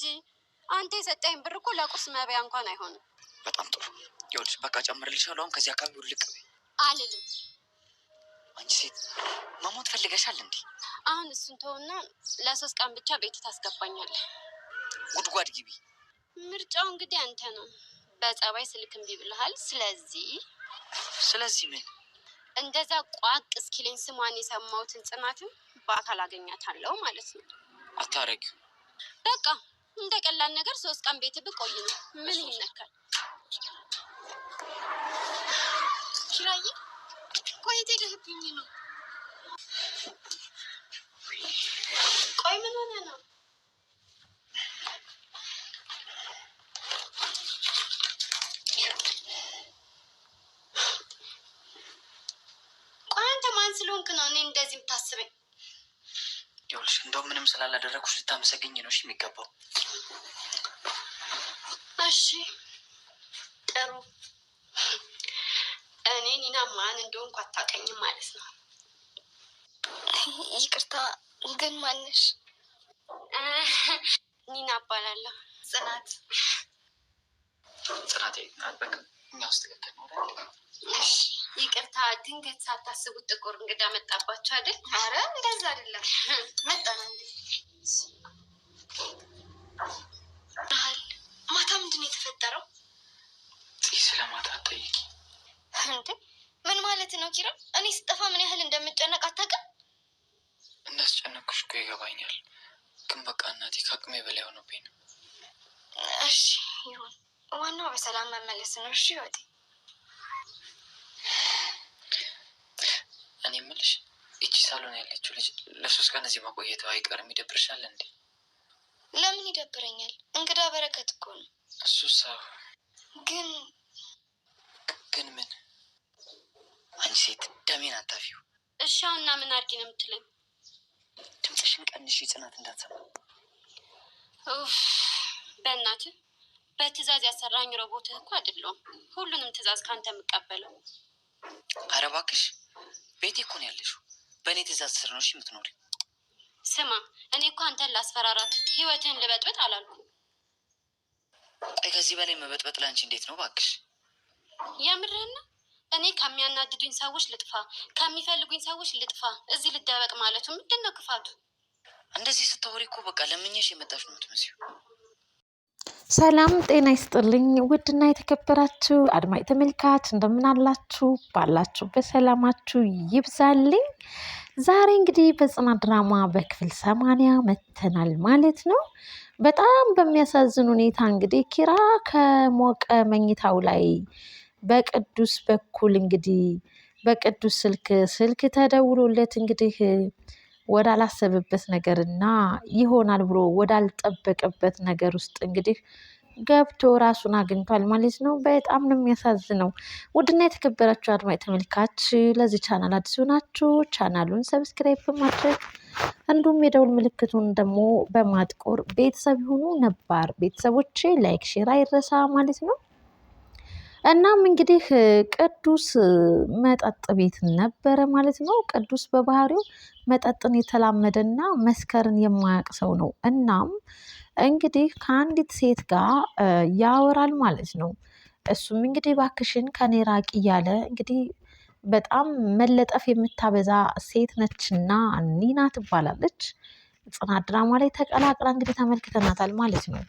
እንጂ አንተ የሰጠኝ ብር እኮ ለቁርስ መብያ እንኳን አይሆንም። በጣም ጥሩ ይኸውልሽ፣ በቃ ጨምርልሻለሁ። አሁን ከዚህ አካባቢ ውልቅ አልልም። አንቺ ሴት መሞት ፈልገሻል እንዴ? አሁን እሱን ተውና ለሶስት ቀን ብቻ ቤት ታስገባኛለህ። ጉድጓድ ግቢ። ምርጫው እንግዲህ አንተ ነው። በጸባይ ስልክ እምቢ ብልሃል። ስለዚህ ስለዚህ ምን እንደዛ ቋቅ እስኪልኝ ስሟን የሰማሁትን ጽናትም በአካል አገኛታለሁ ማለት ነው። አታረጊው በቃ እንደ ቀላል ነገር ሶስት ቀን ቤት ብቆይ ነው ምን ይነካል? ኪራዬ ቆይቴ ደህብኝ ነው። ቆይ ምን ሆነ ነው? ቆይ አንተ ማን ስለሆንክ ነው እኔ እንደዚህ የምታስበኝ? ይኸውልሽ እንደው ምንም ስላላደረግኩሽ ልታመሰግኝ ነው የሚገባው። እሺ ጥሩ። እኔ ኒና ማን እንደሆንኩ አታውቀኝም ማለት ነው። ይቅርታ ግን ማነሽ? ኒና እባላለሁ። ጽናት ጽናት፣ በቃ እኛ ውስጥ ትክክል ነው። እሺ ይቅርታ ድንገት ሳታስቡት ጥቁር እንግዳ መጣባቸው አይደል? አረ እንደዛ አይደለም መጣና ማታ ምንድን ነው የተፈጠረው? ስለ ማታ ምን ማለት ነው ኪራ? እኔ ስጠፋ ምን ያህል እንደምጨነቅ አታውቅም። እንዳስጨነቅኩሽ እኮ ይገባኛል፣ ግን በቃ እናቴ ከአቅሜ በላይ ሆኖብኝ ነው። እሺ ይሁን፣ ዋናው በሰላም መመለስ ነው። እሺ ወዴ እኔ የምልሽ እቺ ሳሎን ያለችው ልጅ ለሶስት ቀን እዚህ መቆየት አይቀርም። ይደብርሻል እንዴ? ለምን ይደብረኛል? እንግዳ በረከት እኮ ነው። እሱ ሰው ግን ግን ምን አንቺ ሴት ደሜን አታፊው። እሻውና ምን አድርጊ ነው የምትለኝ? ድምፅሽን ቀንሽ፣ ጽናት እንዳትሰማ። በእናትህ በትእዛዝ ያሰራኝ ሮቦትህ እኮ አይደለሁም። ሁሉንም ትእዛዝ ከአንተ የምቀበለው። ኧረ እባክሽ ቤቴ እኮ ነው ያለሽው። በእኔ ትእዛዝ ስር ነው የምትኖሪ። ስማ፣ እኔ እኮ አንተን ላስፈራራት ህይወትህን ልበጥበጥ አላልኩም። አይ ከዚህ በላይ መበጥበጥ ለአንቺ እንዴት ነው እባክሽ? የምርህና እኔ ከሚያናድዱኝ ሰዎች ልጥፋ፣ ከሚፈልጉኝ ሰዎች ልጥፋ፣ እዚህ ልደበቅ ማለቱ ምንድን ነው ክፋቱ? እንደዚህ ስታወሪ እኮ በቃ ለምኜሽ የመጣሽ ነው የምትመስይው። ሰላም ጤና ይስጥልኝ። ውድና የተከበራችሁ አድማጭ ተመልካች እንደምናላችሁ ባላችሁ በሰላማችሁ ሰላማችሁ ይብዛልኝ። ዛሬ እንግዲህ በጽናት ድራማ በክፍል ሰማንያ መተናል ማለት ነው። በጣም በሚያሳዝን ሁኔታ እንግዲህ ኪራ ከሞቀ መኝታው ላይ በቅዱስ በኩል እንግዲህ በቅዱስ ስልክ ስልክ ተደውሎለት እንግዲህ ወዳላሰበበት ነገርና ይሆናል ብሎ ወዳልጠበቀበት ነገር ውስጥ እንግዲህ ገብቶ ራሱን አግኝቷል ማለት ነው። በጣም ነው የሚያሳዝነው። ውድና የተከበራችሁ አድማጭ ተመልካች ለዚህ ቻናል አዲስ ሆናችሁ ቻናሉን ሰብስክራይብ በማድረግ እንዲሁም የደውል ምልክቱን ደግሞ በማጥቆር ቤተሰብ የሆኑ ነባር ቤተሰቦቼ ላይክ፣ ሼር አይረሳ ማለት ነው። እናም እንግዲህ ቅዱስ መጠጥ ቤት ነበረ ማለት ነው። ቅዱስ በባህሪው መጠጥን የተላመደና መስከርን የማያውቅ ሰው ነው። እናም እንግዲህ ከአንዲት ሴት ጋር ያወራል ማለት ነው። እሱም እንግዲህ እባክሽን ከኔ ራቅ እያለ እንግዲህ በጣም መለጠፍ የምታበዛ ሴት ነችና ኒና ትባላለች። ጽናት ድራማ ላይ ተቀላቅላ እንግዲህ ተመልክተናታል ማለት ነው።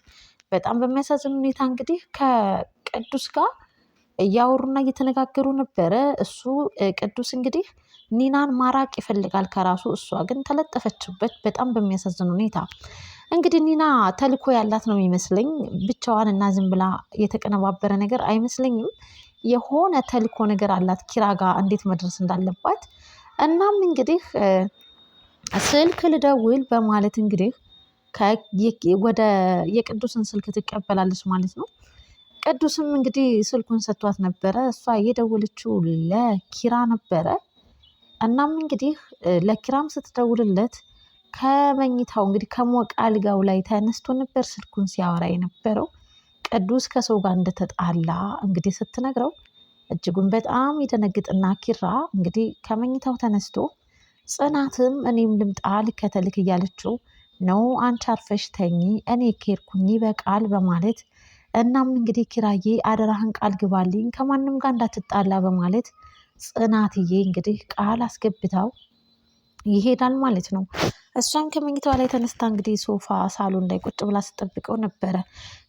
በጣም በሚያሳዝን ሁኔታ እንግዲህ ከቅዱስ ጋር እያወሩና እየተነጋገሩ ነበረ። እሱ ቅዱስ እንግዲህ ኒናን ማራቅ ይፈልጋል ከራሱ እሷ ግን ተለጠፈችበት በጣም በሚያሳዝን ሁኔታ። እንግዲህ ኒና ተልኮ ያላት ነው የሚመስለኝ። ብቻዋን እና ዝም ብላ የተቀነባበረ ነገር አይመስለኝም። የሆነ ተልኮ ነገር አላት ኪራ ጋር እንዴት መድረስ እንዳለባት። እናም እንግዲህ ስልክ ልደውል በማለት እንግዲህ ወደ የቅዱስን ስልክ ትቀበላለች ማለት ነው። ቅዱስም እንግዲህ ስልኩን ሰጥቷት ነበረ። እሷ የደወለችው ለኪራ ነበረ። እናም እንግዲህ ለኪራም ስትደውልለት ከመኝታው እንግዲህ ከሞቀ አልጋው ላይ ተነስቶ ነበር ስልኩን ሲያወራ የነበረው። ቅዱስ ከሰው ጋር እንደተጣላ እንግዲህ ስትነግረው እጅጉን በጣም ይደነግጥና ኪራ እንግዲህ ከመኝታው ተነስቶ ጽናትም እኔም ልምጣ ልከተልክ እያለችው ነው አንቺ አርፈሽ ተኚ እኔ ኬርኩኝ በቃል በማለት እናም እንግዲህ ኪራዬ አደራህን ቃል ግባልኝ ከማንም ጋር እንዳትጣላ በማለት ጽናትዬ እንግዲህ ቃል አስገብታው ይሄዳል ማለት ነው። እሷም ከመኝታዋ ላይ ተነስታ እንግዲህ ሶፋ ሳሎን ላይ ቁጭ ብላ ስጠብቀው ነበረ።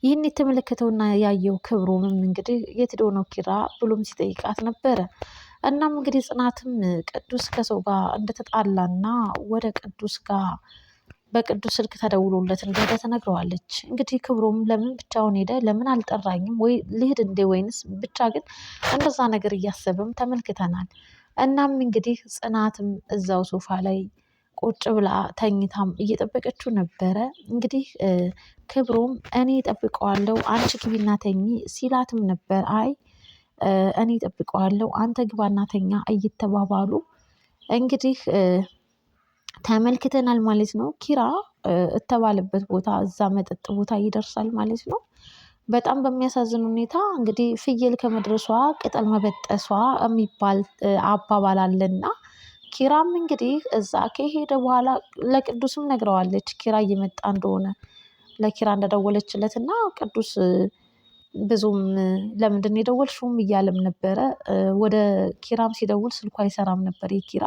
ይህን የተመለከተውና ያየው ክብሮምም እንግዲህ የት ኪራ ብሎም ሲጠይቃት ነበረ። እናም እንግዲህ ጽናትም ቅዱስ ከሰው ጋር እንደተጣላና ወደ ቅዱስ ጋር በቅዱስ ስልክ ተደውሎለት እንደሄደ ተነግረዋለች እንግዲህ ክብሮም ለምን ብቻውን ሄደ? ለምን አልጠራኝም ወይ ልሄድ እንዴ? ወይንስ ብቻ ግን እንደዛ ነገር እያሰብም ተመልክተናል። እናም እንግዲህ ጽናትም እዛው ሶፋ ላይ ቁጭ ብላ ተኝታም እየጠበቀችው ነበረ። እንግዲህ ክብሮም እኔ ጠብቀዋለው አንቺ ግቢና ተኚ ሲላትም ነበር። አይ እኔ ጠብቀዋለው አንተ ግባና ተኛ እየተባባሉ እንግዲህ ተመልክተናል ማለት ነው። ኪራ እተባለበት ቦታ እዛ መጠጥ ቦታ ይደርሳል ማለት ነው። በጣም በሚያሳዝን ሁኔታ እንግዲህ ፍየል ከመድረሷ ቅጠል መበጠሷ የሚባል አባባል አለና ኪራም እንግዲህ እዛ ከሄደ በኋላ ለቅዱስም ነግረዋለች ኪራ እየመጣ እንደሆነ ለኪራ እንደደወለችለት እና ቅዱስ ብዙም ለምንድን ነው የደወልሽውም እያለም ነበረ። ወደ ኪራም ሲደውል ስልኩ አይሰራም ነበር የኪራ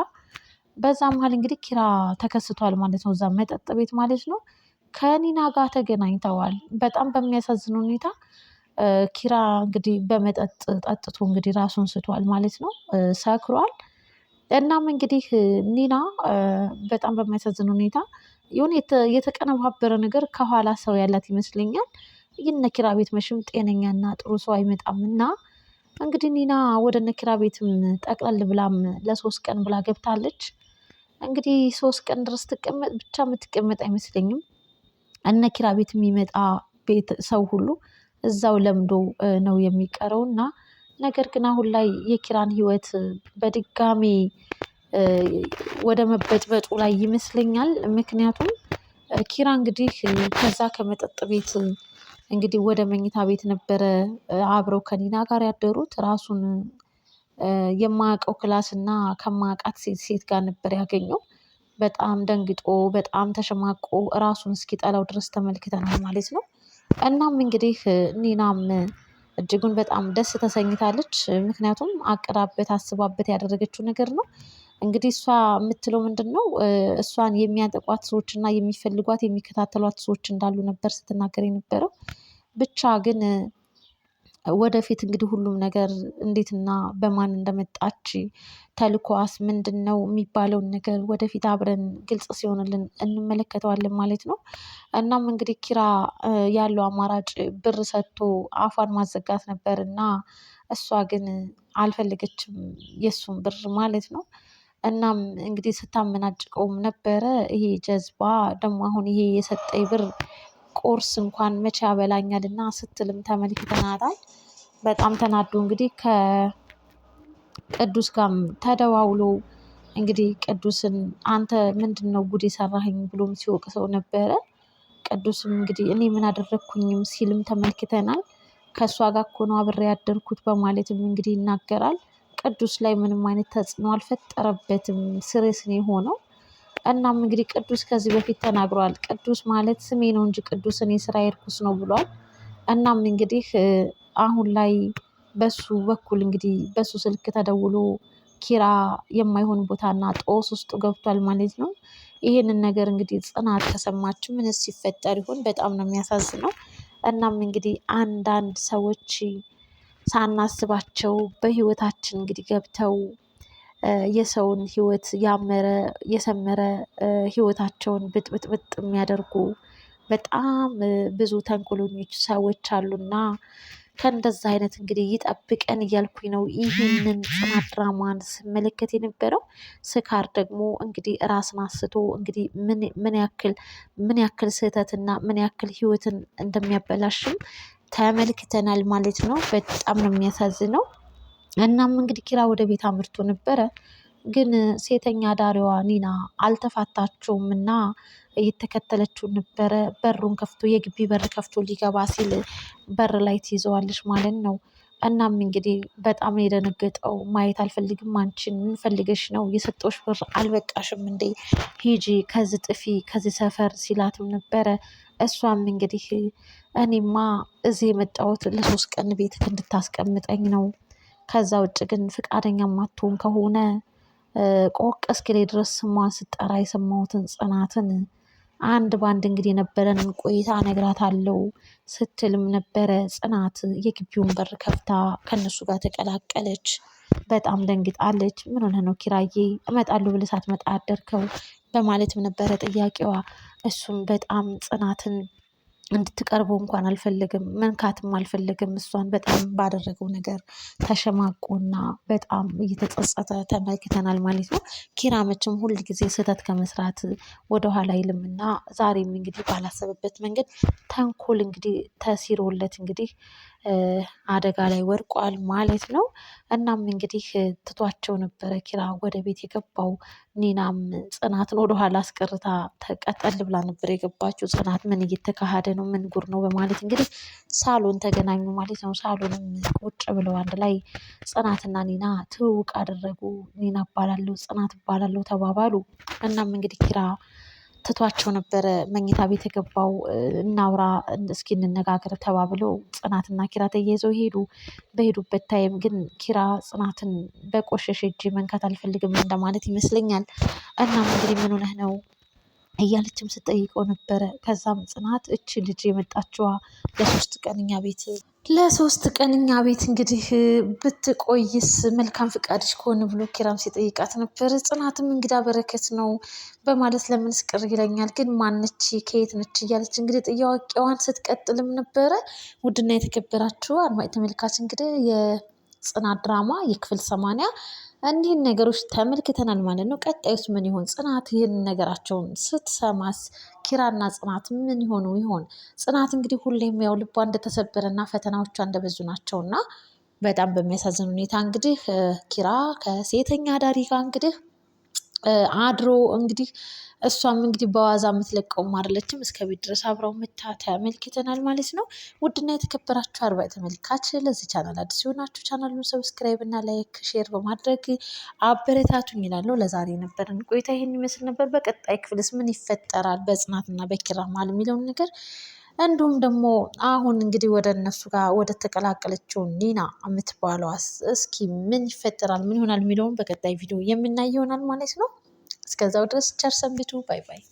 በዛ መሀል እንግዲህ ኪራ ተከስቷል ማለት ነው። እዛ መጠጥ ቤት ማለት ነው። ከኒና ጋር ተገናኝተዋል። በጣም በሚያሳዝን ሁኔታ ኪራ እንግዲህ በመጠጥ ጠጥቶ እንግዲህ ራሱን ስቷል ማለት ነው። ሰክሯል። እናም እንግዲህ ኒና በጣም በሚያሳዝን ሁኔታ የሆነ የተቀነባበረ ነገር ከኋላ ሰው ያላት ይመስለኛል። ይህነ ኪራ ቤት መቼም ጤነኛና ጥሩ ሰው አይመጣም እና እንግዲህ ኒና ወደ ነኪራ ቤትም ጠቅለል ብላም ለሶስት ቀን ብላ ገብታለች። እንግዲህ ሶስት ቀን ድረስ ትቀመጥ ብቻ የምትቀመጥ አይመስለኝም። እነ ኪራ ቤት የሚመጣ ቤት ሰው ሁሉ እዛው ለምዶ ነው የሚቀረው እና ነገር ግን አሁን ላይ የኪራን ህይወት በድጋሜ ወደ መበጥበጡ ላይ ይመስለኛል። ምክንያቱም ኪራ እንግዲህ ከዛ ከመጠጥ ቤት እንግዲህ ወደ መኝታ ቤት ነበረ አብረው ከኒና ጋር ያደሩት ራሱን የማያውቀው ክላስ እና ሴት ጋር ነበር ያገኘው። በጣም ደንግጦ በጣም ተሸማቆ እስኪ እስኪጠላው ድረስ ተመልክተናል ማለት ነው። እናም እንግዲህ ኒናም እጅጉን በጣም ደስ ተሰኝታለች። ምክንያቱም አቅዳበት አስባበት ያደረገችው ነገር ነው። እንግዲህ እሷ የምትለው ምንድን ነው? እሷን የሚያጠቋት ሰዎች እና የሚፈልጓት የሚከታተሏት ሰዎች እንዳሉ ነበር ስትናገር የነበረው። ብቻ ግን ወደፊት እንግዲህ ሁሉም ነገር እንዴትና በማን እንደመጣች ተልኳስ ምንድን ነው የሚባለውን ነገር ወደፊት አብረን ግልጽ ሲሆንልን እንመለከተዋለን ማለት ነው። እናም እንግዲህ ኪራ ያለው አማራጭ ብር ሰጥቶ አፏን ማዘጋት ነበር እና እሷ ግን አልፈለገችም የእሱን ብር ማለት ነው። እናም እንግዲህ ስታመናጭቀውም ነበረ ይሄ ጀዝባ ደግሞ አሁን ይሄ የሰጠኝ ብር ቁርስ እንኳን መቼ ያበላኛል እና ስትልም ተመልክተናታል። በጣም ተናዶ እንግዲህ ከቅዱስ ጋር ተደዋውሎ እንግዲህ ቅዱስን አንተ ምንድን ነው ጉድ የሰራህኝ ብሎም ሰው ነበረ። ቅዱስም እንግዲህ እኔ ምን አደረግኩኝም ሲልም ተመልክተናል። ከእሷ ጋር እኮ ነው አብሬ ያደርኩት በማለትም እንግዲህ ይናገራል። ቅዱስ ላይ ምንም አይነት ተጽዕኖ አልፈጠረበትም። ስሬስ ነው የሆነው። እናም እንግዲህ ቅዱስ ከዚህ በፊት ተናግሯል። ቅዱስ ማለት ስሜ ነው እንጂ ቅዱስ እኔ ስራዬ ነው ብሏል። እናም እንግዲህ አሁን ላይ በሱ በኩል እንግዲህ በሱ ስልክ ተደውሎ ኪራ የማይሆን ቦታና ጦስ ውስጡ ገብቷል ማለት ነው። ይህንን ነገር እንግዲህ ጽናት ከሰማች ምንስ ሲፈጠር ይሆን? በጣም ነው የሚያሳዝነው። እናም እንግዲህ አንዳንድ ሰዎች ሳናስባቸው በህይወታችን እንግዲህ ገብተው የሰውን ህይወት ያመረ የሰመረ ህይወታቸውን ብጥብጥብጥ የሚያደርጉ በጣም ብዙ ተንኮለኞች ሰዎች አሉና ከእንደዛ አይነት እንግዲህ ይጠብቀን እያልኩኝ ነው ይህንን ጽናት ድራማን ስመለከት የነበረው። ስካር ደግሞ እንግዲህ ራስን አስቶ እንግዲህ ምን ያክል ምን ያክል ስህተትና ምን ያክል ህይወትን እንደሚያበላሽም ተመልክተናል ማለት ነው። በጣም ነው የሚያሳዝነው። እናም እንግዲህ ኪራ ወደ ቤት አምርቶ ነበረ። ግን ሴተኛ ዳሪዋ ኒና አልተፋታችውም እና እየተከተለችው ነበረ። በሩን ከፍቶ የግቢ በር ከፍቶ ሊገባ ሲል በር ላይ ትይዘዋለች ማለት ነው። እናም እንግዲህ በጣም የደነገጠው። ማየት አልፈልግም አንቺን፣ ምን ፈልገሽ ነው? የሰጠሁሽ ብር አልበቃሽም እንዴ? ሂጂ ከዚ ጥፊ፣ ከዚ ሰፈር ሲላትም ነበረ። እሷም እንግዲህ እኔማ እዚህ የመጣሁት ለሶስት ቀን ቤት እንድታስቀምጠኝ ነው ከዛ ውጭ ግን ፍቃደኛ ማትሆን ከሆነ ቆቅ እስክሌ ድረስ ስሟን ስጠራ የሰማሁትን ጽናትን አንድ በአንድ እንግዲህ የነበረን ቆይታ ነግራት አለው ስትልም ነበረ። ጽናት የግቢውን በር ከፍታ ከነሱ ጋር ተቀላቀለች። በጣም ደንግጣለች። ምን ሆነ ነው ኪራዬ እመጣለሁ ብለህ ሳትመጣ አደርከው? በማለትም ነበረ ጥያቄዋ። እሱም በጣም ጽናትን እንድትቀርቡ እንኳን አልፈለግም፣ መንካትም አልፈለግም። እሷን በጣም ባደረገው ነገር ተሸማቆና በጣም እየተጸጸተ ተመልክተናል ማለት ነው። ኪራምችም ሁል ጊዜ ስህተት ከመስራት ወደኋላ አይልምና ዛሬም እንግዲህ ባላሰበበት መንገድ ተንኮል እንግዲህ ተሲሮለት እንግዲህ አደጋ ላይ ወድቋል ማለት ነው። እናም እንግዲህ ትቷቸው ነበረ ኪራ ወደ ቤት የገባው። ኒናም ጽናትን ወደኋላ አስቀርታ ተቀጠል ብላ ነበር የገባችው። ጽናት ምን እየተካሄደ ነው? ምን ጉር ነው? በማለት እንግዲህ ሳሎን ተገናኙ ማለት ነው። ሳሎንም ቁጭ ብለው አንድ ላይ ጽናትና ኒና ትውውቅ አደረጉ። ኒና እባላለሁ ጽናት እባላለሁ ተባባሉ። እናም እንግዲህ ኪራ ትቷቸው ነበረ መኝታ ቤት የገባው። እናውራ እስኪ እንነጋገር ተባብለው ጽናትና ኪራ ተያይዘው ሄዱ። በሄዱበት ታይም ግን ኪራ ጽናትን በቆሸሽ እጅ መንካት አልፈልግም እንደማለት ይመስለኛል። እናም እንግዲህ ምን ሆነህ ነው እያለችም ስጠይቀው ነበረ። ከዛም ጽናት እች ልጅ የመጣችዋ ለሶስት ቀንኛ ቤት ለሶስት ቀንኛ ቤት እንግዲህ ብትቆይስ መልካም ፍቃድሽ ከሆነ ብሎ ኪራም ሲጠይቃት ነበር። ጽናትም እንግዳ በረከት ነው በማለት ለምንስ ቅር ይለኛል፣ ግን ማነች ከየት ነች እያለች እንግዲህ ጥያቄዋን ስትቀጥልም ነበረ። ውድና የተከበራችሁ አድማጭ ተመልካች እንግዲህ የጽናት ድራማ የክፍል ሰማንያ እንዲህን ነገሮች ተመልክተናል ማለት ነው። ቀጣዩስ ምን ይሆን? ጽናት ይህን ነገራቸውን ስትሰማስ ኪራና ጽናት ምን ይሆኑ ይሆን? ጽናት እንግዲህ ሁሌም ያው ልቧ እንደተሰበረና ፈተናዎቿ እንደበዙ ናቸውና በጣም በሚያሳዝን ሁኔታ እንግዲህ ኪራ ከሴተኛ አዳሪ ጋር እንግዲህ አድሮ እንግዲህ እሷም እንግዲህ በዋዛ የምትለቀው አይደለችም። እስከ ቤት ድረስ አብረው ምታ ተመልክተናል ማለት ነው። ውድና የተከበራችሁ አርባ ተመልካች ለዚህ ቻናል አዲስ ሲሆናችሁ ቻናሉን ሰብስክራይብ እና ላይክ፣ ሼር በማድረግ አበረታቱኝ ይላለው። ለዛሬ የነበረን ቆይታ ይህን ይመስል ነበር። በቀጣይ ክፍልስ ምን ይፈጠራል በጽናትና በኪራ መሃል የሚለውን ነገር እንዲሁም ደግሞ አሁን እንግዲህ ወደ እነሱ ጋር ወደ ተቀላቀለችው ኒና የምትባለዋ እስኪ ምን ይፈጠራል፣ ምን ይሆናል የሚለውን በቀጣይ ቪዲዮ የምናይ ይሆናል ማለት ነው። እስከዛው ድረስ ቸር ሰንብቱ። ባይ ባይ።